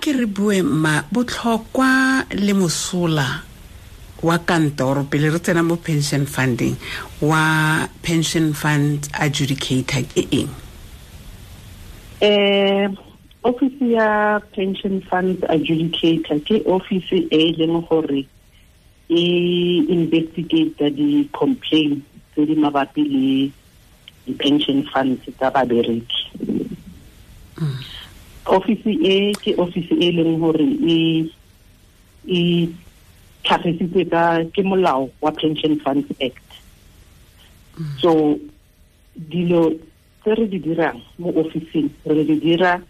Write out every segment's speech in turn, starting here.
ke re bue mma botlhokwa le mosola wa kantoro pele re tsena mo pension funding wa pension fund adjudicator ke eng eh ofisi ya pension fund adjudicator ke ofisi e leng gore e investigate di-complain tse di mabapi le di-pension funds tsa babereki mm. office e ke office e leng gore e e tlhagisitse ka ke molao wa pension funds act so dilo tse re di dirang mo officing re di dira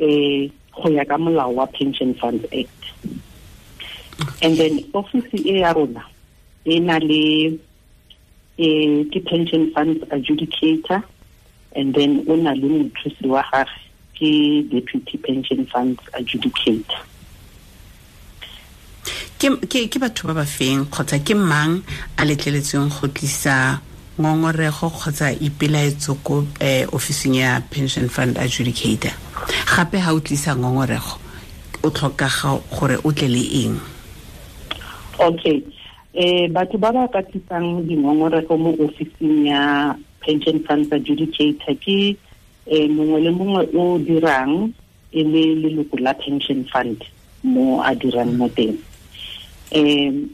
eh go ya ka molao wa pension funds act and then office e ya rona e na le eh, ke pension funds adjudicator and then o na le mothusi wa gagwe ke deputy pension funds adjudicator ke ke batho ba ba feng kgotsa ke mang a letleletsweng go tlisa ngongorego kgotsa ipelaetso ko eh, officing ya pension fund adjudicator gape ga o tlisa ngongorego o tlhoka gore o tle le eng okay eh batho ba ba ka tlisang dingongorego mo officing ya pension fund adjudicator ke e mongwe le mongwe o dirang e le leloko la pension fund mo a dirang mo teng um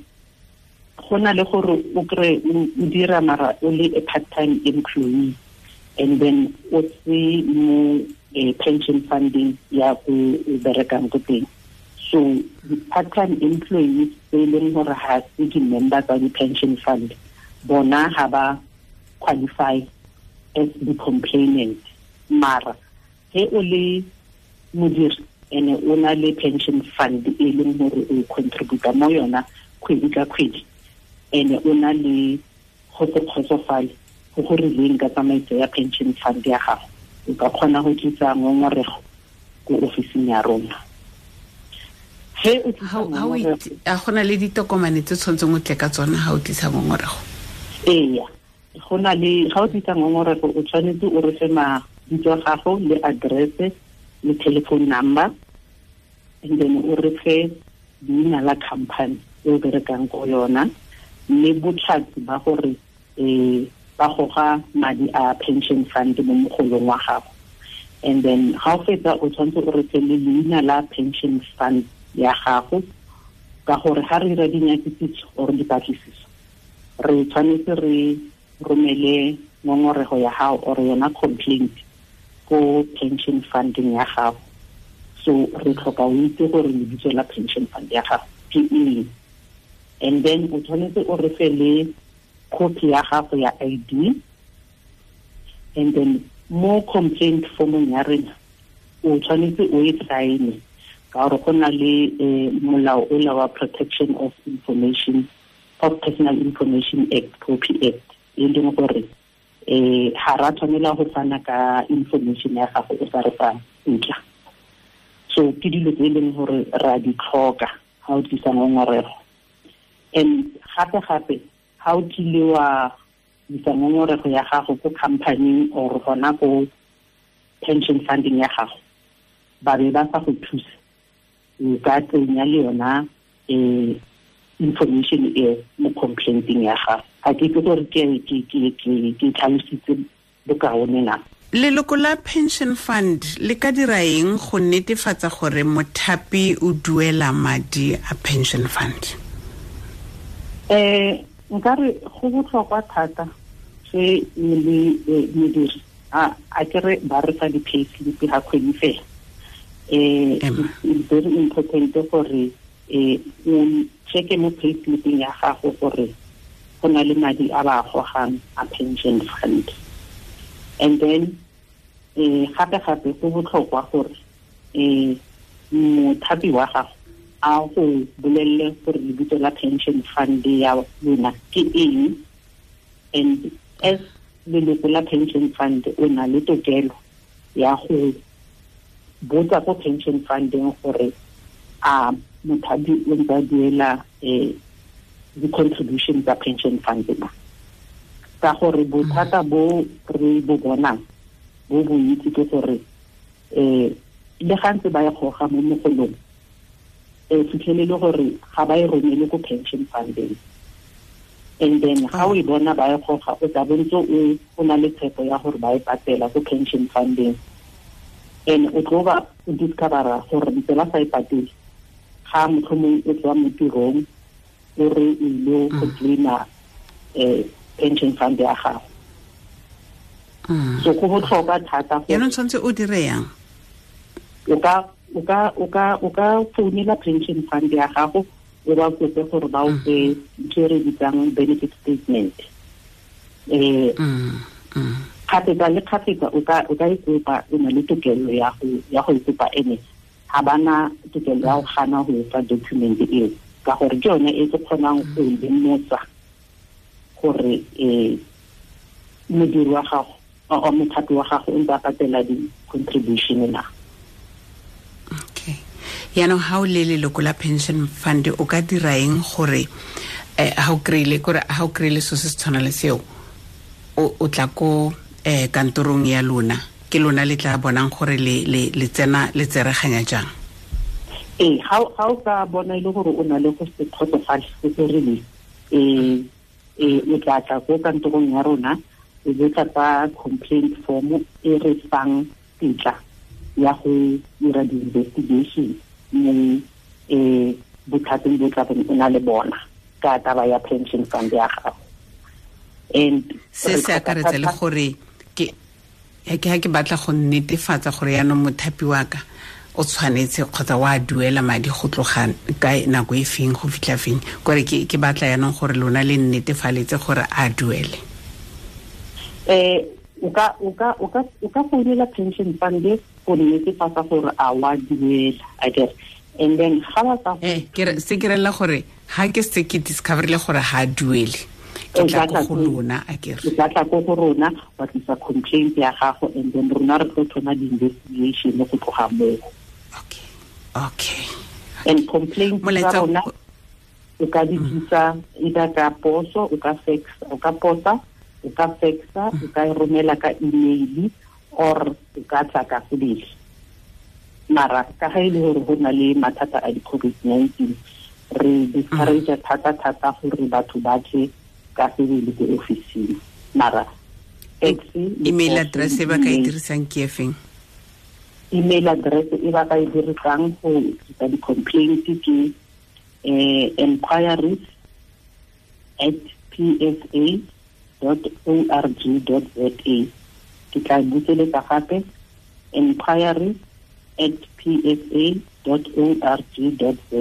go na le gore o kry o dira mara o le a part time employee and then o tse mo pension funding ya go berekang ko teng so part time employees tse e leng gore ga se di-member tsa di-pension fund bona ga ba qualify as the complainant mara he o le modiri ene o na le pension fund e leng gore o contributa mo yona kgwedi ka kgwedi ene o na le go se kgotsofale go go rileng ka tsamaiso ya pension fund ya gago o ka kgona go tlisa ngongorego ko ofising ya rona a na le ditokomane tse tshwanetseng o tle ka tsona ga o tlisa ngongorego ee go na le ga o tlisa ngongorego o tshwanetse o re fe ma bitso gago le address le telephone number and then o re fe leina la company e o berekang ko yona mme botlhatsi ba gore um ba goga madi a pension fund mo mogolong wa gago and then ga o fetsa o tshwanetse o re fe le leina la pension fund ya gago ka gore ga re dira dinyakitsiso or dipatlisiso re tshwanetse re romele ngongorego ya gago or yona complaint go pension funding ya gago so re tlhoka o itse gore lebitso la pension fund ya gago ke eng and then o tshwanetse o re fe le copy ya gago ya id and then mo complaint formong ya rena o tshwanetse o e sign ka gore go na le eh, molao o wa protection of information of personal information act copy act e leng gore eh ha ra tshwanela go tsana ka information ya gago e sa re fa ntla so ke dilo tse e leng gore ra di tlhoka ga o tlisa ngongorego and gape-gape ga o tlile wa tlisa ngongorego ya gago ko companying or gona ko pension funding ya gago ba be ba sa go thusa o ka tsenya le yona um information e mo complainting ya gago ga ke itse gore ke tlhalositse bokaone na leloko la pension fund le ka dira eng go netefatsa gore mothapi o duela madi a pension fund um re go botlhokwa thata se e le e, modiri a kere ba re fa di-payslip ga kgwedi fela um very important gore um cheke mo paysliping ya gago gore go na le madi a ba gogang a pension fund and then eh, gape gape go botlhokwa gore eh mothapi wa gago a go bolelle gore lebitso la pension fund ya lona ke eng and as leloko la pension fund o na le tokelo ya go botsa ko pension fundeng gore a mothapi o ntse a duela um di-contribution tsa pension fund ba ka gore bothata bo re bo bonang bo bontsi ke gore um le ga ba e goga mo mogolong um fitlhelele gore ga ba e romele ko pension funding. and then ga o e bona ba e goga o tla bontse o na le tshepo ya gore ba e patela ko pension funding. and o tlo o discovera gore ntse ba sa e patele ga motlhomong o tswa mo tirong o re o ile mm. go claima um pension fund ya gago mm. so go botlhokwa thata o dire yang o ka founela pension fund ya gago o ba kope gore ba o mm. ntho e re bitsang benefit statement um eh, kgapetsa le kgapetsa o ka e kopa o na le tokelo ya go e kopa ene ga bana tokelo ya go gana go etsa document eo ka gore ke yone e ke kgonang go e lemosa gore um eh, modiri wa gago o mothapi wa gago o ntse a patela di-contribution na okay yaanong ga o le leloko la pension fund o ka dira eng gore um eh, ga o ga o kry-ile so se se tshwana le seo o tla ko um kantorong ya lona ke lona le tla bonang gore le le le tsena le tsereganya jang ee ga o ka bona e le gore o na le go se kgotsofale go tsereleng ee ee o tla tla ko kantorong ya rona o betla ka complaint form e re fang tetla ya go dira di-investigation mo um ee, bothatsing bo tlabeng o na le bona ka taba ya pension fund ya gago and se se akaretsa le gore ya ke ha ke batla go netefatsa gore yaanong mothapi wa ka o tshwanetse kgotsa wa duela madi go tloga ka nako e feng go fitlha feng kore ke ke batla yaanong gore lona le nnetefaletse gore a duele um o ka founela pension fund e go netefatsa gore a wa duela akere and then ga ba eh, se ke relela gore ga ke se ke discoverile gore ga a duele tlatla go lona ko go rona wa tlisa complaint ya gago and then rona re tlo thoma di-investigation go tloga moo okay okay and complaint tsa rona o ka di mm-hmm. tlisa either ka poso o ka o ka posa o ka fexa mm-hmm. o ka e romela ka email or o ka tsa ka sebele mara ka ga e le gore go na le mathata a di-covid 19 re discourage mm-hmm. thata-thata gore batho ba tle ka sebele ko officing mara e- email address e ba ka e dirisang ke efeng email address e ba ka e dirisang go tsa di-complaint ke eh, enquiries at psa dot org dot za ke tla buseletsa gape enquiries at psa dot org dot za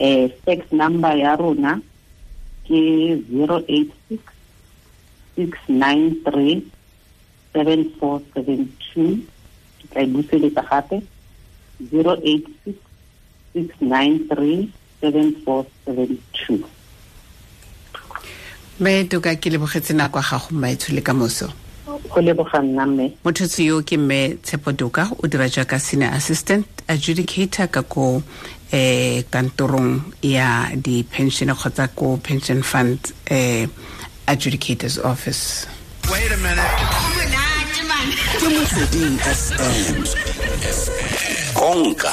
eh, fax number ya rona ke 086 693 7472 ke tla buseletsa gape 086 693 7472 me toka ke lebogetse nako ya gago le kamoso go leboga nna mme mothotso yo ke mme tshepodoka o dira jaaka senior assistant adjudicator ka ko eh kantorong ya di-pension kgotsa ko pension fund eh adjudicators office Wait a minute. konka